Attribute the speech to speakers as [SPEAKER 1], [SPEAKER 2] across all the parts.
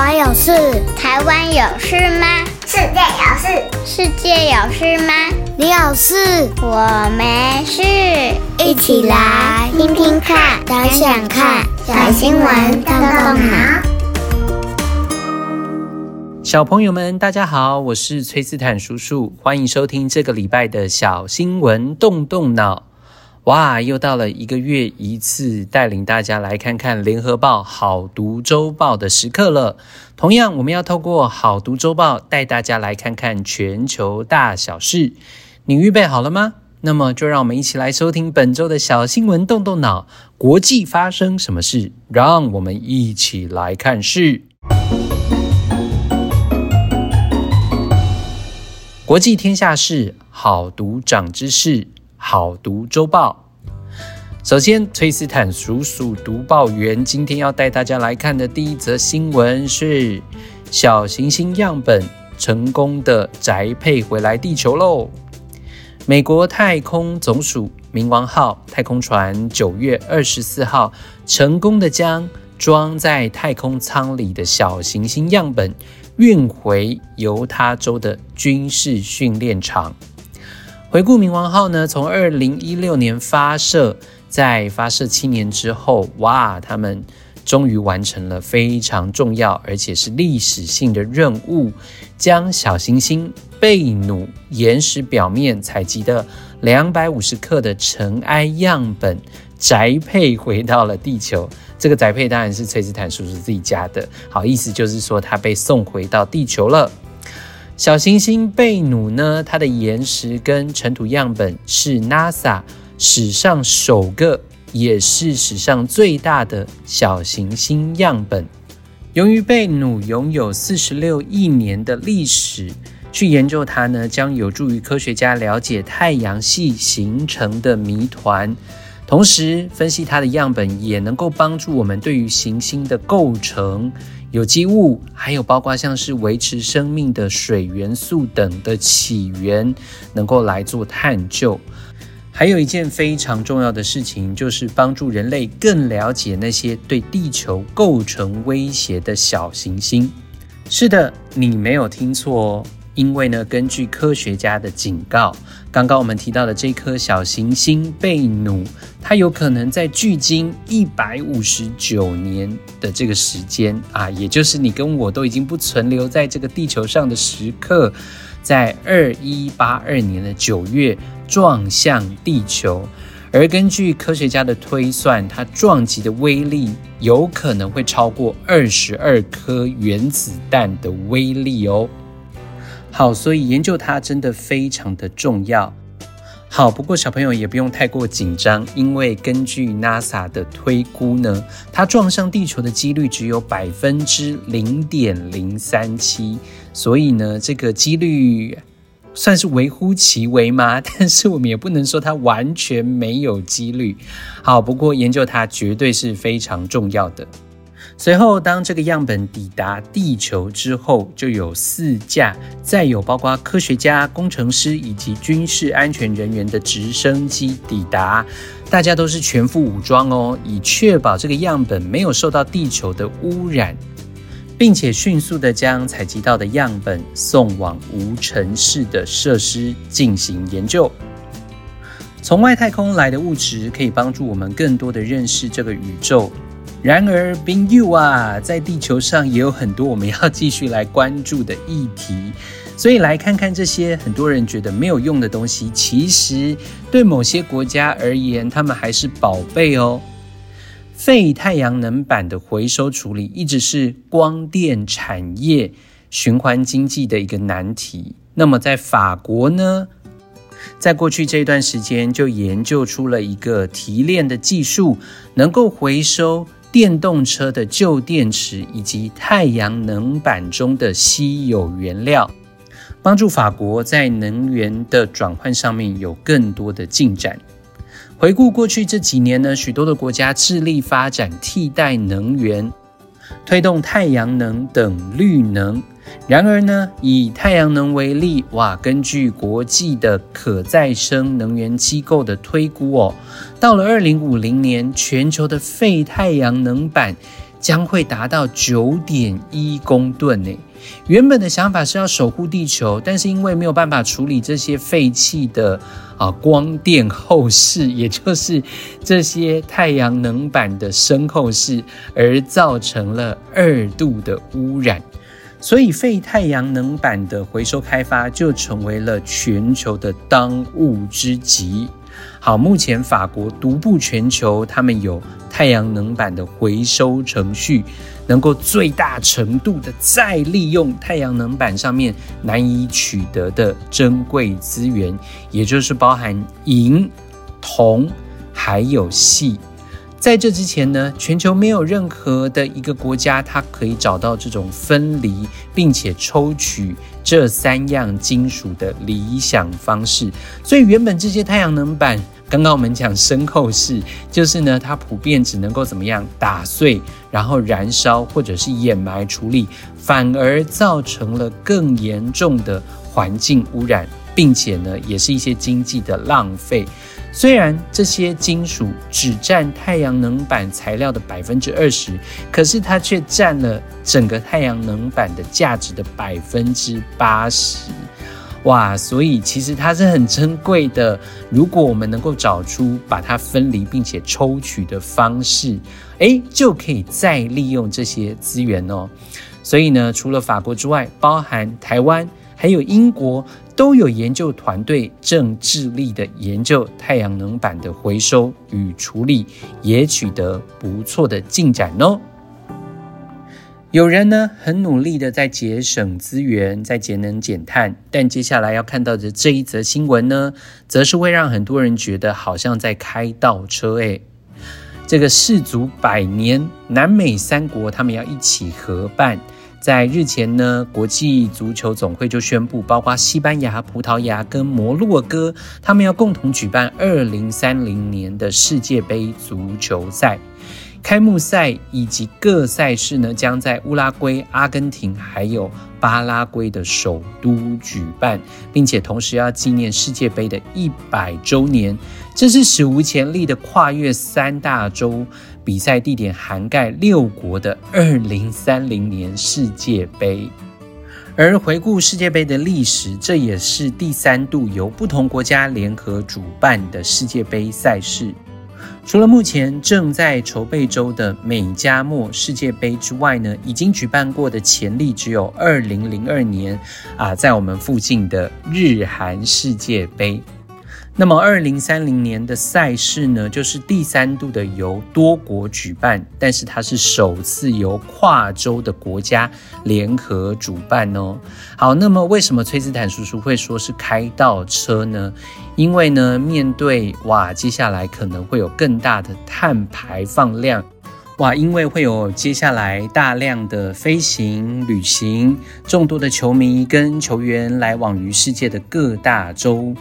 [SPEAKER 1] 我有事，台灣有事嗎？世界有事，世界有事嗎？你有事，我沒事。一起來聽聽看，想想看，小新聞動動腦。小朋友們，大家好，我是崔斯坦叔叔，歡迎收聽這個禮拜的小新聞動動腦。哇！又到了一個月一次帶領大家來看看《聯合報》好讀周報的時刻了。同樣，我們要透過好讀周報帶大家來看看全球大小事。你預備好了嗎？那麼，就讓我們一起來收聽本周的小新聞，動動腦，國際發生什麼事？讓我們一起來看事。國際天下事，好讀長知識。好讀周報，首先，崔斯坦叔叔讀報員今天要帶大家來看的第一則新聞是：小行星樣本成功的宅配回來地球嘍！美國太空總署冥王號太空船九月二十四號成功的將裝在太空艙裡的小行星樣本運回猶他州的軍事訓練場。回顧冥王號呢，從二零一六年發射，在發射七年之後，哇，他們終於完成了非常重要而且是歷史性的任務，將小行星貝努岩石表面採集的兩百五十克的塵埃樣本，宅配回到了地球。這個宅配當然是崔斯坦叔叔自己家的，好，意思就是說他被送回到地球了。小行星貝努呢，它的岩石跟塵土樣本是 NASA 史上首個，也是史上最大的小行星樣本。由於貝努擁有四十六億年的歷史，去研究它呢，將有助於科學家了解太陽系形成的謎團，同時，分析它的樣本也能夠幫助我們對於行星的構成。有機物，還有包括像是維持生命的水元素等的起源，能夠來做探究。還有一件非常重要的事情，就是幫助人類更了解那些對地球構成威脅的小行星。是的，你沒有聽錯哦。因為呢，根據科學家的警告，剛剛我們提到的這顆小行星貝努，它有可能在距今一百五十九年的這個時間啊，也就是你跟我都已經不存留在這個地球上的時刻，在二一八二年的九月撞向地球。而根據科學家的推算，它撞擊的威力有可能會超過二十二顆原子彈的威力哦。好，所以研究它真的非常的重要。好，不過小朋友也不用太過緊張，因為根據 NASA 的推估呢，它撞上地球的幾率只有百分之零點零三七，所以呢，這個幾率算是微乎其微嘛。但是我們也不能說它完全沒有幾率。好，不過研究它絕對是非常重要的。隨後，當這個樣本抵達地球之後，就有四架載有包括科學家、工程師以及軍事安全人員的直升機抵達，大家都是全副武裝哦，以確保這個樣本沒有受到地球的污染，並且迅速的將採集到的樣本送往無塵室的設施進行研究。從外太空來的物質可以幫助我們更多的認識這個宇宙。然而 Bennu 啊，在地球上也有很多我們要繼續來關注的議題，所以來看看這些很多人覺得沒有用的東西，其實對某些國家而言，他們還是寶貝哦。廢太陽能板的回收處理一直是光電產業循環經濟的一個難題。那麼，在法國呢，在過去這一段時間就研究出了一個提煉的技術，能夠回收電動車的舊電池以及太陽能板中的稀有原料，幫助法國在能源的轉換上面有更多的進展。回顧過去這幾年呢，許多的國家致力發展替代能源，推動太陽能等綠能。然而呢，以太陽能為例，哇，根據國際的可再生能源機構的推估哦，到了二零五零年，全球的廢太陽能板將會達到九點一公噸呢。原本的想法是要守護地球，但是因為沒有辦法處理這些廢棄的啊光電後事，也就是這些太陽能板的身後事，而造成了二度的污染。所以，廢太陽能板的回收開發就成為了全球的當務之急。好，目前法國獨步全球，他們有太陽能板的回收程序，能夠最大程度地再利用太陽能板上面難以取得的珍貴資源，也就是包含銀、銅還有錫。在這之前呢，全球沒有任何的一個國家，它可以找到這種分離並且抽取這三樣金屬的理想方式。所以，原本這些太陽能板，剛剛我們講身後事，就是呢，它普遍只能夠怎麼樣打碎，然後燃燒或者是掩埋處理，反而造成了更嚴重的環境污染。並且呢，也是一些經濟的浪費。雖然這些金屬只占太陽能板材料的百分之二十，可是它卻占了整個太陽能板的價值的百分之八十。哇，所以其實它是很珍貴的。如果我們能夠找出把它分離並且抽取的方式，欸，就可以再利用這些資源哦。所以呢，除了法國之外，包含台灣還有英國。都有研究團隊正致力的研究太陽能板的回收與處理，也取得不錯的進展哦。有人呢，很努力的在節省資源，在節能減碳，但接下來要看到的這一則新聞呢，則是會讓很多人覺得好像在開倒車哎、欸。這個世足百年，南美三國他們要一起合辦。在日前呢，國際足球總會就宣布，包括西班牙、葡萄牙跟摩洛哥，他們要共同舉辦二零三零年的世界杯足球賽，開幕賽以及各賽事呢，將在烏拉圭、阿根廷還有巴拉圭的首都舉辦，並且同時要紀念世界杯的一百周年，這是史無前例的跨越三大洲。比賽地點涵蓋六國的二零三零年世界杯。而回顧世界杯的歷史，這也是第三度由不同國家聯合主辦的世界杯賽事。除了目前正在籌備中的美加墨世界杯之外呢，已經舉辦過的前例只有二零零二年啊，在我們附近的日韓世界杯。那麼，二零三零年的賽事呢，就是第三度的由多國舉辦，但是它是首次由跨洲的國家聯合主辦哦。好，那麼為什麼崔斯坦叔叔會說是開倒車呢？因為呢，面對哇，接下來可能會有更大的碳排放量，哇，因為會有接下來大量的飛行旅行，眾多的球迷跟球員來往於世界的各大洲。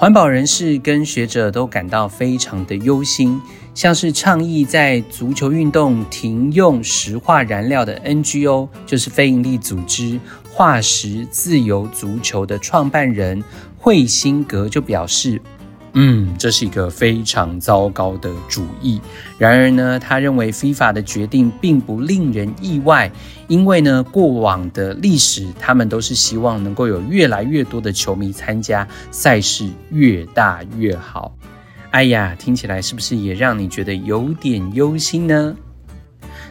[SPEAKER 1] 環保人士跟學者都感到非常的憂心，像是倡議在足球運動停用石化燃料的 NGO，就是非營利組織化石自由足球的創辦人惠辛格就表示。嗯，這是一個非常糟糕的主意。然而呢，他認為 FIFA 的決定並不令人意外，因為呢，過往的歷史，他們都是希望能夠有越來越多的球迷參加賽事，越大越好。哎呀，聽起來是不是也讓你覺得有點憂心呢？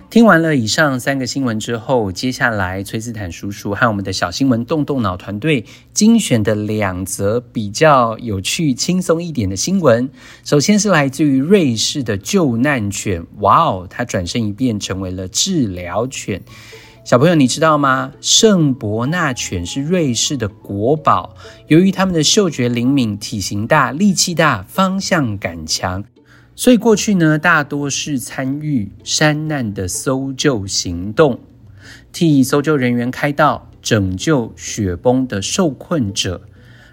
[SPEAKER 1] 聽完了以上三個新聞之後，接下來崔斯坦叔叔和我們的小新聞動動腦團隊精選的兩則比較有趣、輕鬆一點的新聞。首先是來自於瑞士的救難犬，哇哦，它轉身一變成為了治療犬。小朋友，你知道嗎？聖伯納犬是瑞士的國寶，由於它們的嗅覺靈敏、體型大、力氣大、方向感強。所以過去呢，大多是參與山難的搜救行動，替搜救人員開道，拯救雪崩的受困者。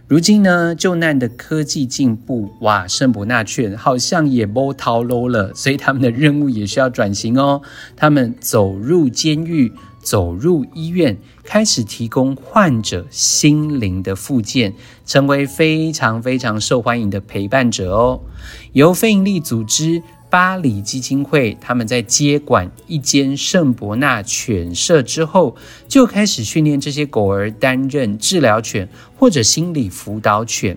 [SPEAKER 1] 如今呢，救難的科技進步，哇，聖伯納犬好像也沒頭路了，所以他們的任務也需要轉型哦。他們走入監獄。走入醫院，開始提供患者心靈的復健，成為非常非常受歡迎的陪伴者哦。由非營利組織巴黎基金會，他們在接管一間聖伯納犬舍之後，就開始訓練這些狗兒擔任治療犬或者心理輔導犬。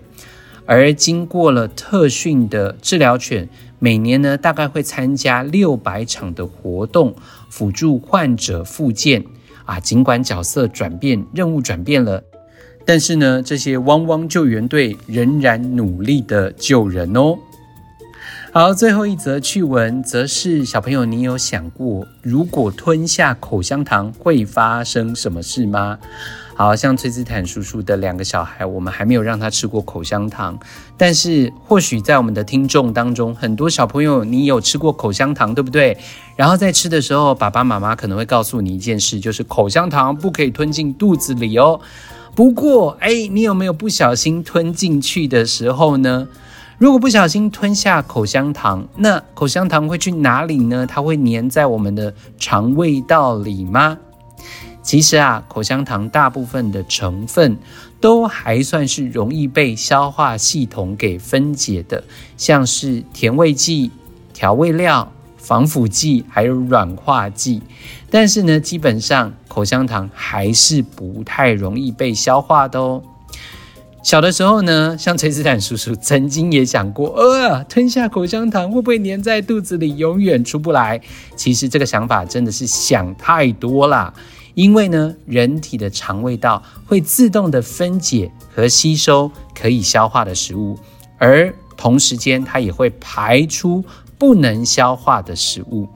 [SPEAKER 1] 而經過了特訓的治療犬，每年呢大概會參加六百場的活動。輔助患者復健啊，儘管角色轉變，任務轉變了，但是呢，這些汪汪救援隊仍然努力的救人哦。好，最後一則趣聞則是小朋友，你有想過如果吞下口香糖會發生什麼事嗎？好像崔斯坦叔叔的兩個小孩，我們還沒有讓他吃過口香糖。但是或許在我們的聽眾當中，很多小朋友，你有吃過口香糖，對不對？然後在吃的時候，爸爸媽媽可能會告訴你一件事，就是口香糖不可以吞進肚子裡哦。不過，誒，你有沒有不小心吞進去的時候呢？如果不小心吞下口香糖，那口香糖會去哪裡呢？它會黏在我們的腸胃道裡嗎？其實啊，口香糖大部分的成分都還算是容易被消化系統給分解的，像是甜味劑、調味料、防腐劑還有軟化劑。但是呢，基本上口香糖還是不太容易被消化的哦。小的時候呢，像崔斯坦叔叔曾經也想過，呃、啊，吞下口香糖會不會黏在肚子裡永遠出不來？其實這個想法真的是想太多啦。因為呢，人體的腸胃道會自動的分解和吸收可以消化的食物，而同時間它也會排出不能消化的食物。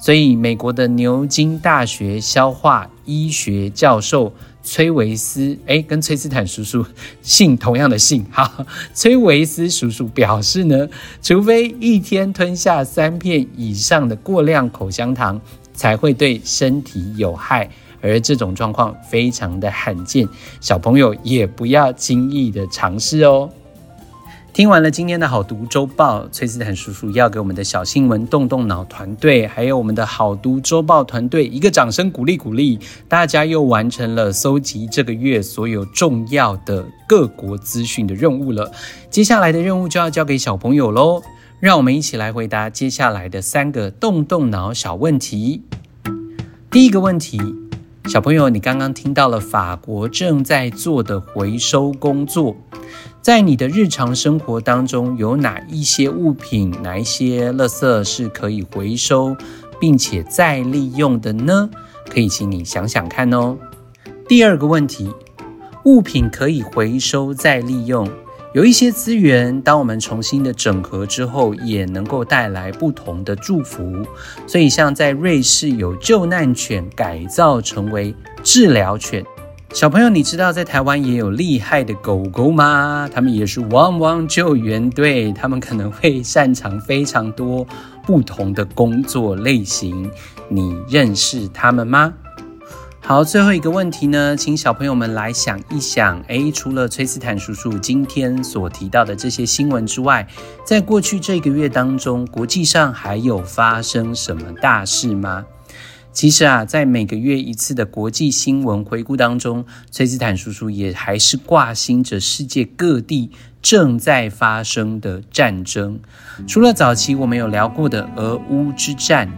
[SPEAKER 1] 所以，美國的牛津大學消化醫學教授崔維斯，誒，跟崔斯坦叔叔姓同樣的姓哈，崔維斯叔叔表示呢，除非一天吞下三片以上的過量口香糖，才會對身體有害。而這種狀況非常的罕見，小朋友也不要輕易的嘗試哦。聽完了今天的《好讀週報》，崔斯坦叔叔要給我們的小新聞動動腦團隊，還有我們的《好讀週報》團隊一個掌聲鼓勵鼓勵，大家又完成了蒐集這個月所有重要的各國資訊的任務了。接下來的任務就要交給小朋友嘍，讓我們一起來回答接下來的三個動動腦小問題。第一個問題。小朋友，你剛剛聽到了法國正在做的回收工作，在你的日常生活當中，有哪一些物品、哪一些垃圾是可以回收並且再利用的呢？可以請你想想看哦。第二個問題，物品可以回收再利用，有一些資源，當我們重新的整合之後，也能夠帶來不同的祝福。所以，像在瑞士有救難犬改造成為治療犬。小朋友，你知道在台灣也有厲害的狗狗嗎？他們也是汪汪救援隊，他們可能會擅長非常多不同的工作類型。你認識他們嗎？好，最後一個問題呢，請小朋友們來想一想。誒、欸，除了崔斯坦叔叔今天所提到的這些新聞之外，在過去這個月當中，國際上還有發生什麼大事嗎？其實啊，在每個月一次的國際新聞回顧當中，崔斯坦叔叔也還是掛心着世界各地正在發生的戰爭，除了早期我們有聊過的俄烏之戰。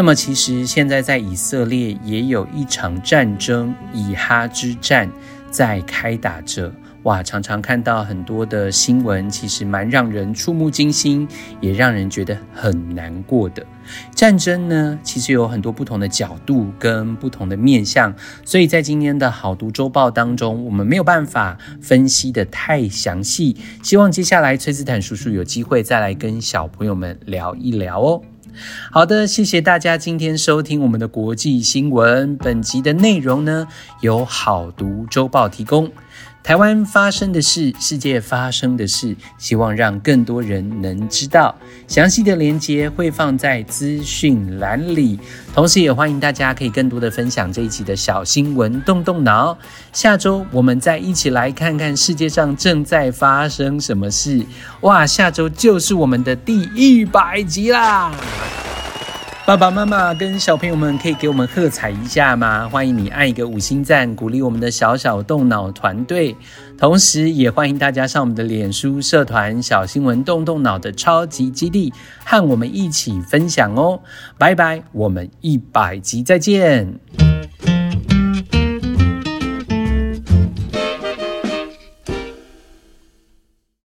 [SPEAKER 1] 那麼，其實現在在以色列也有一場戰爭——以哈之戰，在開打着。哇，常常看到很多的新聞，其實蠻讓人觸目驚心，也讓人覺得很難過的。戰爭呢，其實有很多不同的角度跟不同的面向，所以在今天的《好讀周報》當中，我們沒有辦法分析得太詳細。希望接下來崔斯坦叔叔有機會再來跟小朋友們聊一聊哦。好的，謝謝大家今天收聽我們的國際新聞。本集的內容呢，由好讀周報提供。台灣發生的事，世界發生的事，希望讓更多人能知道。詳細的連結會放在資訊欄裡，同時也歡迎大家可以更多的分享這一集的小新聞，動動腦。下周我們再一起來看看世界上正在發生什麼事。哇，下周就是我們的第一百集啦！爸爸媽媽跟小朋友們可以給我們喝彩一下嗎？歡迎你按一個五星贊，鼓勵我們的小小動腦團隊。同時也歡迎大家上我們的臉書社團“小新聞動動腦”的超級基地，和我們一起分享哦。拜拜，我們一百集再見。